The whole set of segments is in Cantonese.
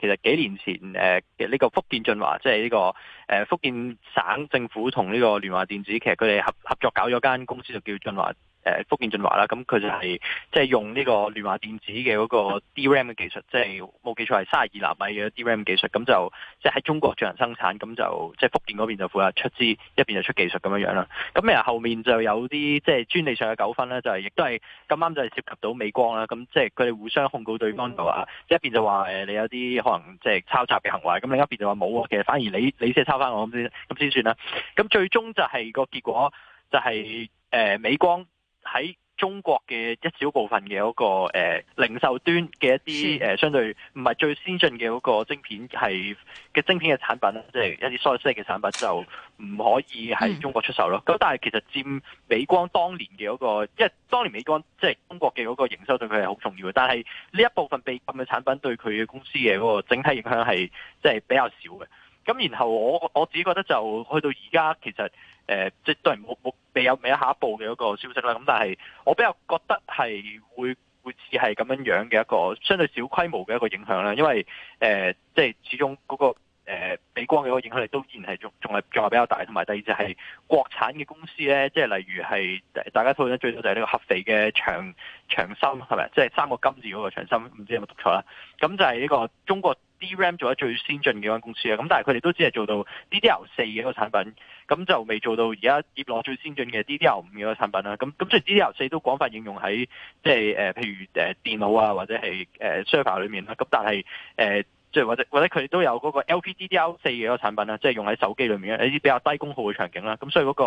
其實幾年前，誒，其實呢個福建進華，即係呢個誒福建省政府同呢個聯華電子，其實佢哋合合作搞咗間公司，就叫進華。誒福建晉華啦，咁佢就係即係用呢個聯華電子嘅嗰個 DRAM 嘅技術，即係冇記錯係三十二納米嘅 DRAM 技術，咁就即係喺中國進行生產，咁就即係福建嗰邊就負責出資，一邊就出技術咁樣樣啦。咁誒後面就有啲即係專利上嘅糾紛啦就係、是、亦都係咁啱就係涉及到美光啦，咁即係佢哋互相控告對方度啊，即係一邊就話誒你有啲可能即係抄襲嘅行為，咁另一邊就話冇喎，其實反而你你先抄翻我咁先，咁先算啦。咁最終就係個結果就係、是、美光。喺中國嘅一小部分嘅嗰、那個誒、呃、零售端嘅一啲誒是、呃、相對唔係最先進嘅嗰個晶片係嘅晶片嘅產品啦，即係、嗯、一啲縮細嘅產品就唔可以喺中國出售咯。咁、嗯、但係其實佔美光當年嘅嗰、那個，因為當年美光即係、就是、中國嘅嗰個營收對佢係好重要嘅。但係呢一部分被禁嘅產品對佢嘅公司嘅嗰個整體影響係即係比較少嘅。咁然後我我自己覺得就去到而家其實。誒，即係都係冇冇未有未有下一步嘅一個消息啦。咁但係我比較覺得係會會似係咁樣樣嘅一個相對小規模嘅一個影響啦。因為誒，即係始終嗰個誒，美光嘅嗰個影響力都依然係仲仲係仲係比較大。同埋第二就係國產嘅公司咧，即係例如係大家討論得最多就係呢個合肥嘅長長鑫，係咪？即係三個金字嗰個長鑫，唔知有冇讀錯啦。咁就係呢個中國。DRAM 做咗最先進嘅一間公司啊，咁但係佢哋都只係做到 DDR 四嘅一個產品，咁就未做到而家業內最先進嘅 DDR 五嘅一個產品啦。咁咁即係 DDR 四都廣泛應用喺即係誒，譬如誒電腦啊或者係誒 server 裡面啦。咁但係誒，即、呃、係或者或者佢哋都有嗰個 LPDDR 四嘅一個產品啦，即、就、係、是、用喺手機裡面啊，一啲比較低功耗嘅場景啦。咁所以嗰個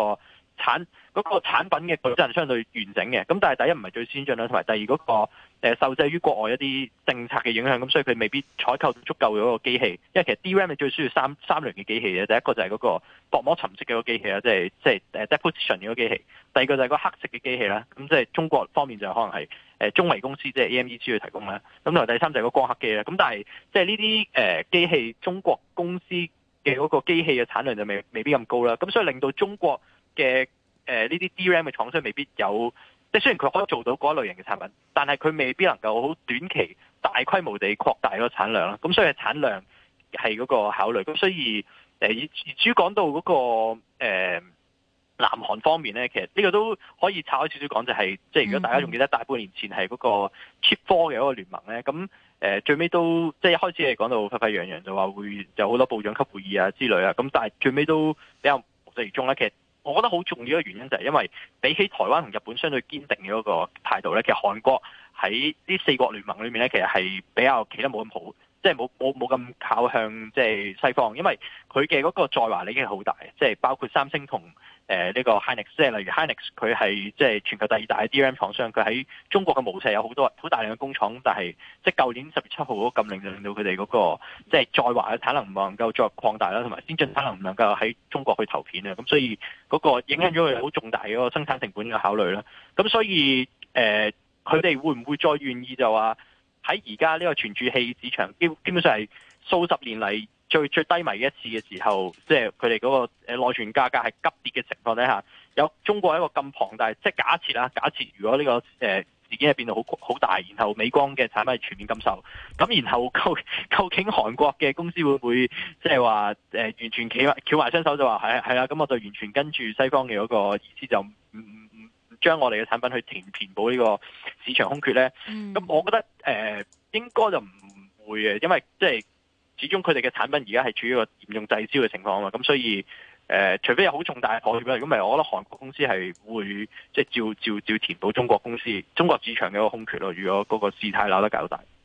產嗰、那個、品嘅具真係相對完整嘅。咁但係第一唔係最先進啦，同埋第二嗰、那個。誒受制於國外一啲政策嘅影響，咁所以佢未必採購足夠嗰個機器，因為其實 DRAM 係最需要三三樣嘅機器嘅，第一個就係嗰個薄膜沉積嘅嗰機器啦，即係即係誒 deposition 嘅嗰機器，第二個就係嗰黑色嘅機器啦，咁即係中國方面就可能係誒中微公司即係 AMEC 去提供啦，咁同第三就係嗰光刻機啦，咁但係即係呢啲誒機器，中國公司嘅嗰個機器嘅產量就未未必咁高啦，咁所以令到中國嘅呢啲、呃、DRAM 嘅廠商未必有。即係雖然佢可以做到嗰一類型嘅產品，但係佢未必能夠好短期大規模地擴大嗰產量啦。咁所以產量係嗰個考慮。咁所以誒，而主要講到嗰、嗰個、呃、南韓方面咧，其實呢個都可以拆開少少講，就係即係如果大家仲記得大半年前係嗰個 Chip Four 嘅一個聯盟咧，咁誒、呃、最尾都即係一開始係講到沸沸揚揚就話會有好多部長級會議啊之類啊，咁但係最尾都比較無疾而終啦。其實。我覺得好重要嘅原因就係因為比起台灣同日本相對堅定嘅嗰個態度咧，其實韓國喺呢四國聯盟裏面咧，其實係比較企得冇咁好。即係冇冇冇咁靠向即係西方，因為佢嘅嗰個在華已經好大，即係包括三星同誒呢個 Hynix 即係例如 Hynix 佢係即係全球第二大 DRAM 廠商，佢喺中國嘅模式有好多好大量嘅工廠，但係即係舊年十月七號嗰個禁令就令到佢哋嗰個即係在華嘅產能唔能夠再擴大啦，同埋先進產能唔能夠喺中國去投片啊，咁所以嗰個影響咗佢好重大嘅個生產成本嘅考慮啦。咁所以誒，佢哋會唔會再願意就話？喺而家呢個存儲器市場基基本上係數十年嚟最最低迷嘅一次嘅時候，即係佢哋嗰個誒內存價格係急跌嘅情況底下，有中國一個咁龐大，即係假設啦，假設如果呢、這個誒事件係變到好好大，然後美光嘅產品係全面禁售，咁然後究究竟韓國嘅公司會唔會即係話誒完全企埋翹埋雙手就話係係啦？咁、哎啊、我就完全跟住西方嘅嗰個意思就唔唔唔。嗯嗯將我哋嘅產品去填填補呢個市場空缺咧，咁、嗯、我覺得誒、呃、應該就唔會嘅，因為即係始終佢哋嘅產品而家係處於一個嚴重滯銷嘅情況啊嘛，咁所以誒、呃、除非有好重大破協啦，如果唔係我覺得韓國公司係會即係、就是、照照照填補中國公司中國市場嘅一個空缺咯。如果嗰個事態鬧得搞大。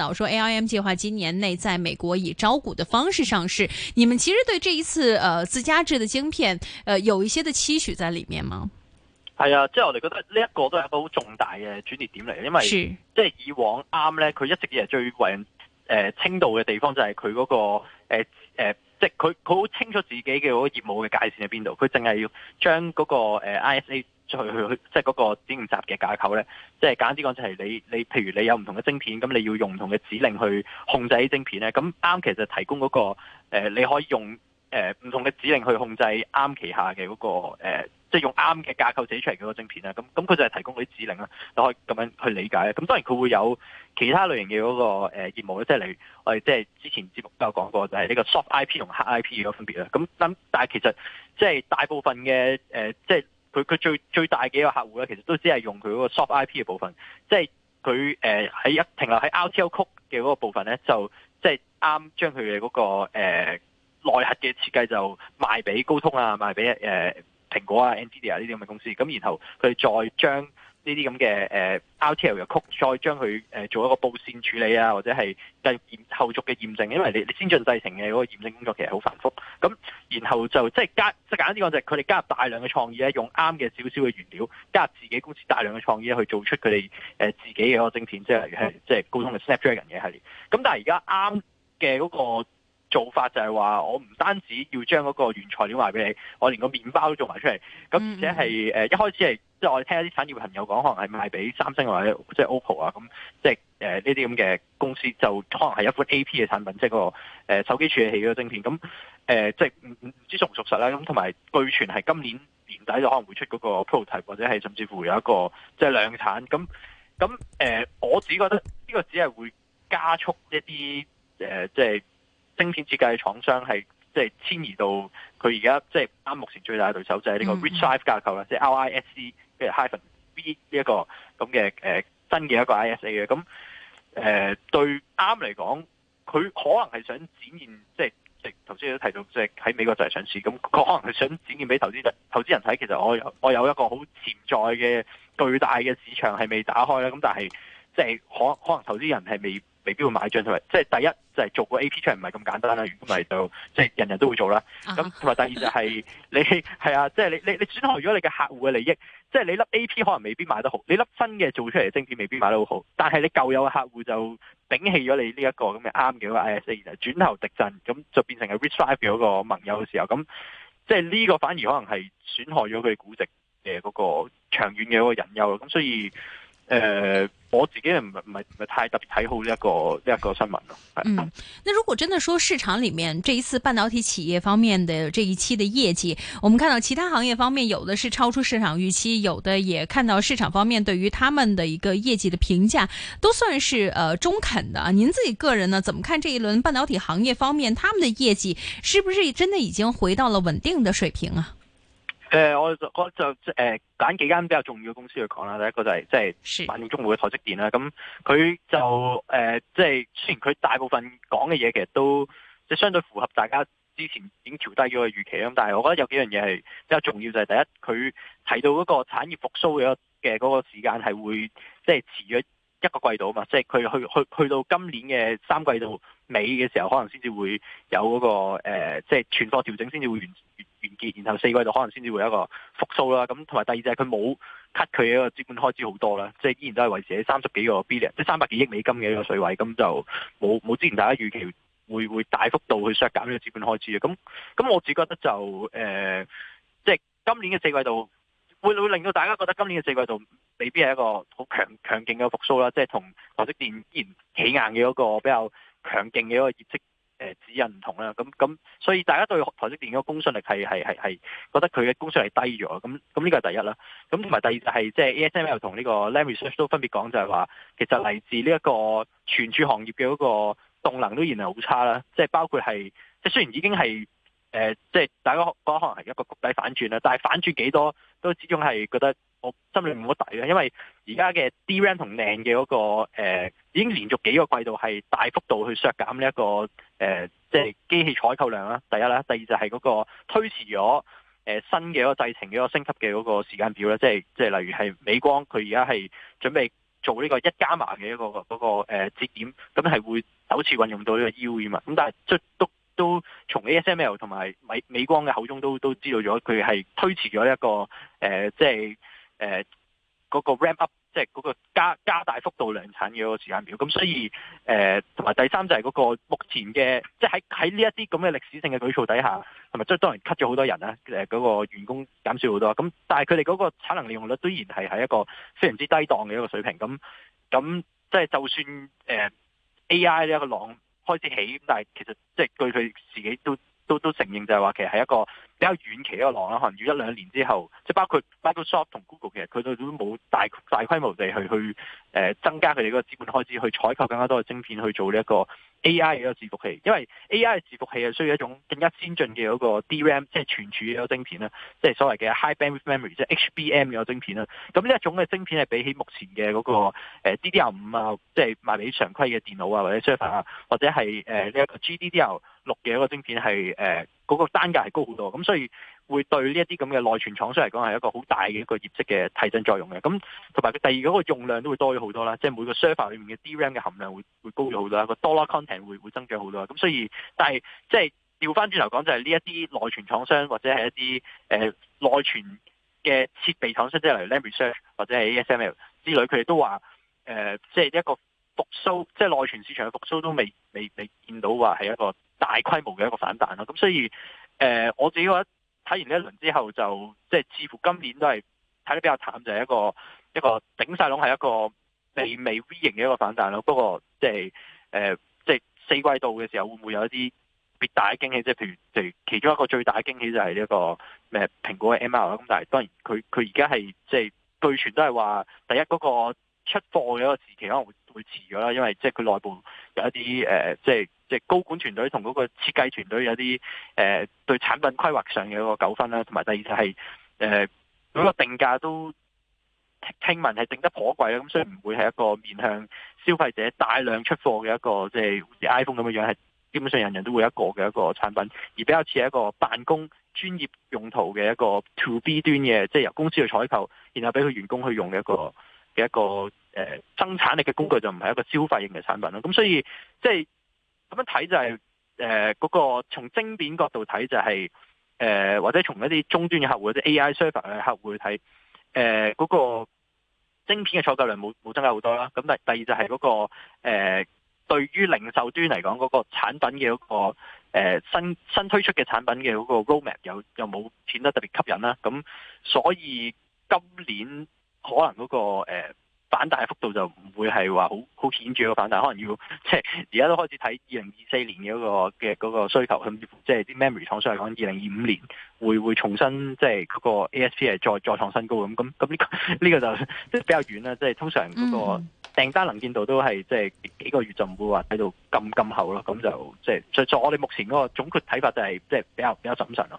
早說 ARM 計劃今年內在美國以招股的方式上市，你們其實對這一次呃自家製的晶片，呃有一些的期許在裏面嗎？係啊，即係我哋覺得呢一個都係一個好重大嘅轉折點嚟，因為是即係以往啱咧，佢一直以嚟最為人誒、呃、稱道嘅地方就係佢嗰個誒誒、呃呃，即係佢佢好清楚自己嘅嗰個業務嘅界線喺邊度，佢淨係要將嗰、那個誒、呃、I S A。去去去，即係嗰個指令集嘅架構咧，即係簡單啲講，就係你你，譬如你有唔同嘅晶片，咁你要用唔同嘅指令去控制啲晶片咧，咁啱其實提供嗰、那個、呃、你可以用誒唔、呃、同嘅指令去控制啱旗下嘅嗰、那個、呃、即係用啱嘅架構寫出嚟嘅個晶片啊。咁咁，佢就係提供嗰啲指令啦，都可以咁樣去理解嘅。咁當然佢會有其他類型嘅嗰、那個誒、呃、業務咧，即係你我哋即係之前節目都有講過，就係、是、呢個 soft I P 同 hard I P 嘅分別啦。咁但係其實即係大部分嘅誒、呃，即係。佢佢最最大幾個客戶咧，其實都只係用佢嗰個 soft IP 嘅部分，即係佢誒喺一停留喺 RTL code 嘅嗰個部分咧，就即係啱將佢嘅嗰個誒、呃、內核嘅設計就賣俾高通啊，賣俾誒、呃、蘋果啊，NVIDIA 呢啲咁嘅公司，咁然後佢再將。呢啲咁嘅 o RTL 嘅 Code, 再將佢誒做一個佈線處理啊，或者係跟驗後續嘅驗證，因為你你先進製程嘅嗰個驗證工作其實好繁複。咁然後就即係加即係簡單啲講，就係佢哋加入大量嘅創意咧，用啱嘅少少嘅原料，加入自己公司大量嘅創意去做出佢哋誒自己嘅嗰個晶片，嗯、即係即係高通嘅 Snapdragon 嘅系列。咁但係而家啱嘅嗰個做法就係話，我唔單止要將嗰個原材料賣俾你，我連個麵包都做埋出嚟。咁而且係一開始係即係我哋聽啲產業朋友講，可能係賣俾三星或者即係 OPPO 啊、就是，咁即係誒呢啲咁嘅公司，就可能係一款 AP 嘅產品，即、就、係、是那個誒、呃、手機處理器嘅晶片。咁誒即係唔唔知屬唔屬實啦。咁同埋據傳係今年年底就可能會出嗰個 prototype 或者係甚至乎有一個即係、就是、量產。咁咁誒，我只覺得呢個只係會加速一啲誒，即、呃、係、就是、晶片設計嘅廠商係即係遷移到佢而家即係啱目前最大嘅對手，就係、是、呢個 RISC-V 架構啦，即係 RISC。Hmm. 即係 Hyphen V 呢一個咁嘅誒新嘅一個 ISA 嘅，咁、呃、誒對 ARM 嚟講，佢可能係想展現，即係即係頭先都提到，即係喺美國就係上市，咁佢可能係想展現俾投資人投資人睇，其實我有我有一個好潛在嘅巨大嘅市場係未打開喇，咁但係即係可可能投資人係未。未必會買賬，同埋即係第一就係、是、做個 A P 出嚟唔係咁簡單啦。如果唔係就即係、就是、人人都會做啦。咁同埋第二就係、是、你係啊，即、就、係、是、你你你損害咗你嘅客戶嘅利益。即係你粒 A P 可能未必買得好，你粒新嘅做出嚟嘅晶片未必買得好好。但係你舊有嘅客戶就摒棄咗你呢、這、一個咁嘅啱嘅嗰個 I S A，就轉頭敵陣，咁就變成係 withdraw 咗個盟友嘅時候，咁即係呢個反而可能係損害咗佢股值嘅嗰個長遠嘅嗰個隱憂。咁所以。呃，我自己唔唔唔係太特別睇好呢一個呢一個新聞咯。嗯，那如果真的說市場裏面這一次半導體企業方面的這一期的業績，我們看到其他行業方面有的是超出市場預期，有的也看到市場方面對於他們的一個業績的評價都算是呃中肯的。您自己個人呢，怎麼看這一輪半導體行業方面他們的業績是不是真的已經回到了穩定的水平啊？誒、呃，我就我就誒揀幾間比較重要嘅公司去講啦。第一個就係即係萬眾會嘅台積電啦。咁佢就誒，即、呃、係、就是、雖然佢大部分講嘅嘢其實都即係相對符合大家之前已經調低咗嘅預期咁，但係我覺得有幾樣嘢係比較重要，就係、是、第一佢提到嗰個產業復甦嘅嘅嗰個時間係會即係、就是、遲咗一個季度啊嘛。即係佢去去去到今年嘅三季度尾嘅時候，可能先至會有嗰、那個即係存貨調整先至會完成。完結，然後四季度可能先至會有一個復甦啦。咁同埋第二就係佢冇 cut 佢嘅資本開支好多啦，即係依然都係維持喺三十幾個 billion 即係三百幾億美金嘅一個稅位，咁就冇冇之前大家預期會會,會大幅度去削減呢個資本開支嘅。咁咁我只覺得就誒，即、呃、係、就是、今年嘅四季度會會令到大家覺得今年嘅四季度未必係一個好強強勁嘅復甦啦，即係同台積電依然企硬嘅一個比較強勁嘅一個業績。誒指引唔同啦，咁咁，所以大家對台積電嘅公信力係係係係覺得佢嘅公信力低咗，咁咁呢個係第一啦。咁同埋第二係、就、即、是、係、就是、ASML 同呢個 Lam Research 都分別講就係話，其實嚟自呢一個存儲行業嘅嗰個動能都仍然好差啦。即、就、係、是、包括係即係雖然已經係誒，即、呃、係、就是、大家講可能係一個谷底反轉啦，但係反轉幾多都始終係覺得。我心裏冇乜底嘅，因為而家嘅 Dram 同 Nand 嘅嗰、那個、呃、已經連續幾個季度係大幅度去削減呢、這、一個誒，即、呃、係、就是、機器採購量啦。第一啦，第二就係嗰個推遲咗誒、呃、新嘅一個製程、一個升級嘅嗰個時間表啦。即係即係例如係美光，佢而家係準備做呢個一加碼嘅一個嗰、那個誒、呃、節點，咁係會首次運用到呢個、EUV 嘛咁但係都都都從 ASML 同埋美美光嘅口中都都知道咗，佢係推遲咗一個誒，即、呃、係。就是誒嗰、呃那個 ramp up，即係嗰個加加大幅度量產嘅嗰個時間表，咁所以誒同埋第三就係嗰個目前嘅，即係喺喺呢一啲咁嘅歷史性嘅舉措底下，同埋即係當然 cut 咗好多人啦，嗰、呃那個員工減少好多，咁但係佢哋嗰個產能利用率雖然係喺一個非常之低檔嘅一個水平，咁咁即係就算誒、呃、AI 呢一個浪開始起，咁但係其實即係據佢自己都都都承認就係話其實係一個比較遠期一個浪啦，可能要一兩年之後，即係包括 Microsoft 同 Google 其實佢都都冇大大規模地去去誒、呃、增加佢哋嗰個資本開支去採購更加多嘅晶片去做呢一個 AI 嘅伺服器，因為 AI 嘅伺服器係需要一種更加先進嘅嗰個 DRAM 即係存儲嘅晶片啦，即係所謂嘅 High Bandwidth Memory 即係 HBM 嘅晶片啦。咁呢一種嘅晶片係比起目前嘅嗰個 DDR 五啊，即係賣俾常規嘅電腦啊或者 server 啊或者係呢一個 GDDR。六嘅一個晶片係誒嗰個單價係高好多，咁所以會對呢一啲咁嘅內存廠商嚟講係一個好大嘅一個業績嘅提振作用嘅。咁同埋第二個個用量都會多咗好多啦，即係每個 server 裏面嘅 DRAM 嘅含量會會高咗好多啦，個 Dollar content 會會增長好多啦。咁所以但係即係調翻轉頭講就係呢一啲內存廠商或者係一啲誒、呃、內存嘅設備廠商，即係例如 Lam Research 或者係 ASML 之類，佢哋都話誒即係一個。復蘇即係內存市場嘅復蘇都未未未見到話係一個大規模嘅一個反彈咯，咁所以誒、呃、我自己覺得，睇完呢一輪之後就即係似乎今年都係睇得比較淡，就係、是、一個一個頂晒籠係一個微微 V 型嘅一個反彈咯。不過即係誒即係四季度嘅時候會唔會有一啲別大嘅驚喜？即係譬如譬如其中一個最大嘅驚喜就係呢個誒蘋果嘅 MR 啦，咁但係當然佢佢而家係即係據傳都係話第一嗰、那個出貨嘅一個時期可能會。會遲咗啦，因為即係佢內部有一啲誒即係即係高管團隊同嗰個設計團隊有啲誒、呃、對產品規劃上嘅一個糾紛啦。同埋第二就係誒，嗰、呃那個、定價都聽聞係定得頗貴啦，咁所以唔會係一個面向消費者大量出貨嘅一個，即、就、係、是、好似 iPhone 咁嘅樣，係基本上人人都會一個嘅一個產品，而比較似一個辦公專業用途嘅一個 To B 端嘅，即、就、係、是、由公司去採購，然後俾佢員工去用嘅一個嘅一個。嗯一個誒、呃，生產力嘅工具就唔係一個消費型嘅產品咯，咁所以即係咁樣睇就係、是、誒、嗰、呃那個從晶片角度睇就係、是、誒、呃，或者從一啲終端嘅客戶、者 AI server 嘅客戶去睇，誒、呃、嗰、那個晶片嘅採購量冇冇增加好多啦。咁但第第二就係嗰、那個誒、呃，對於零售端嚟講嗰個產品嘅嗰、那個誒、呃、新新推出嘅產品嘅嗰個 road map 有又冇顯得特別吸引啦，咁所以今年可能嗰、那個誒。呃反彈嘅幅度就唔會係話好好顯著嘅反彈，可能要即係而家都開始睇二零二四年嘅嗰、那個嘅嗰、那個、需求，甚至乎即係啲 memory 廠商嚟講，二零二五年會會重新即係嗰個 ASP 係再再創新高咁，咁咁呢個呢、這個、就即係、就是、比較遠啦，即、就、係、是、通常嗰個訂單能見度都係即係幾個月就唔會話睇到咁咁厚咯，咁就即係在我哋目前嗰個總括睇法就係即係比較比較審慎咯。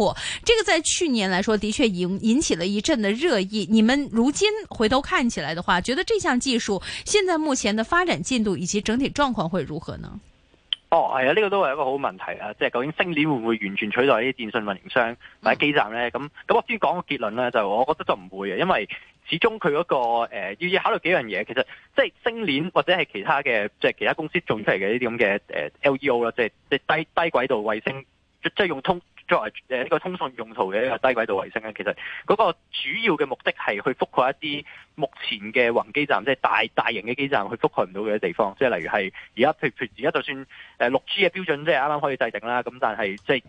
這個在去年來說的確引引起了一陣的熱議。你們如今回頭看起來的話，覺得這項技術現在目前的發展進度以及整體狀況會如何呢？哦，係啊，呢個都係一個好問題啊！即係究竟星鏈會唔會完全取代啲電信運營商或者基、嗯、站咧？咁、嗯、咁我先講個結論啦，就我覺得就唔會嘅，因為始終佢嗰、那個誒要、呃、要考慮幾樣嘢。其實即係星鏈或者係其他嘅即係其他公司做出嚟嘅呢啲咁嘅誒 L E O 啦，即係即係低低軌道衛星，即、就、係、是、用通。作為誒呢個通訊用途嘅一個低軌道衛星咧，其實嗰個主要嘅目的係去覆蓋一啲目前嘅宏基站，即係大大型嘅基站去覆蓋唔到嘅地方，即係例如係而家，譬如而家就算誒六 G 嘅標準，即係啱啱可以制定啦，咁但係即係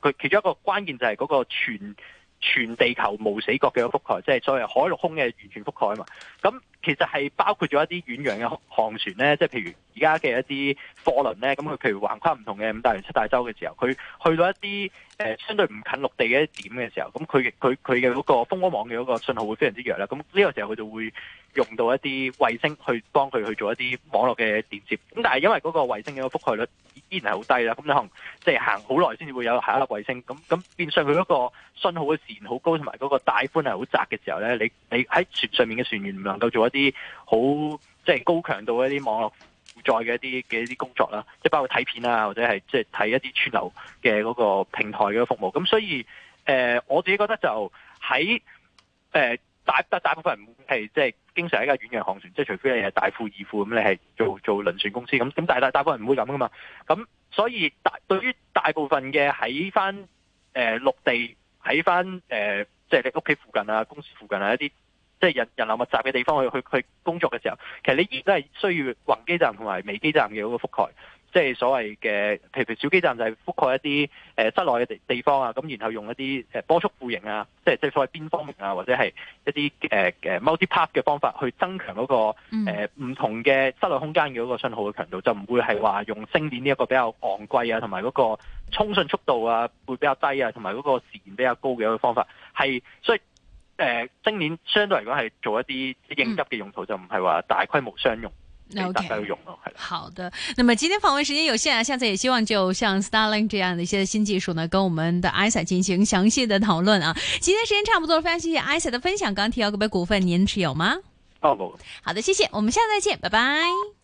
佢其中一個關鍵就係嗰個全全地球無死角嘅覆蓋，即係所謂海陸空嘅完全覆蓋啊嘛，咁。其實係包括咗一啲遠洋嘅航船咧，即係譬如而家嘅一啲貨輪咧，咁佢譬如橫跨唔同嘅五大洋七大洲嘅時候，佢去到一啲誒、呃、相對唔近陸地嘅一點嘅時候，咁佢佢佢嘅嗰個蜂窩網嘅嗰個信號會非常之弱啦。咁呢個時候佢就會用到一啲衛星去幫佢去做一啲網絡嘅連接。咁但係因為嗰個衛星嘅覆蓋率依然係好低啦，咁你可能即係行好耐先至會有下一粒衛星。咁咁變相佢嗰個信號嘅自然好高，同埋嗰個帶寬係好窄嘅時候咧，你你喺船上面嘅船員唔能夠做一啲啲好即係、就是、高強度一啲網絡負載嘅一啲嘅一啲工作啦，即係包括睇片啊，或者係即係睇一啲串流嘅嗰個平台嘅服務。咁所以，誒、呃，我自己覺得就喺誒、呃、大大部分人係即係經常喺架遠洋航船，即、就、係、是、除非你係大富二富咁，你係做做輪船公司咁。咁但係大部分人唔會咁噶嘛。咁所以大對於大部分嘅喺翻誒陸地喺翻誒，即係、呃就是、你屋企附近啊，公司附近啊一啲。即係人人流密集嘅地方去去去工作嘅時候，其實你亦都係需要宏基站同埋微基站嘅嗰個覆蓋，即係所謂嘅，譬如小基站就係覆蓋一啲誒室內嘅地地方啊，咁然後用一啲誒波束賦形啊，即係即係所謂邊方面啊，或者係一啲誒誒 multi path 嘅方法去增強嗰個唔同嘅室內空間嘅嗰個信號嘅強度，就唔會係話用星點呢一個比較昂貴啊，同埋嗰個通訊速度啊會比較低啊，同埋嗰個時延比較高嘅一個方法係所以。呃，今年相對嚟講係做一啲應急嘅用途，嗯、就唔係話大規模商用，嗯、大家用咯，係 okay, 的。好的，那麼今天訪問時間有限啊，下次也希望就像 Starling 這樣的一些新技術呢，跟我們的、a、ISA 進行詳細的討論啊。今天時間差不多了，非常謝謝 ISA 的分享。剛提到個別股份您持有嗎？冇、哦。好的，謝謝，我們下次再見，拜拜。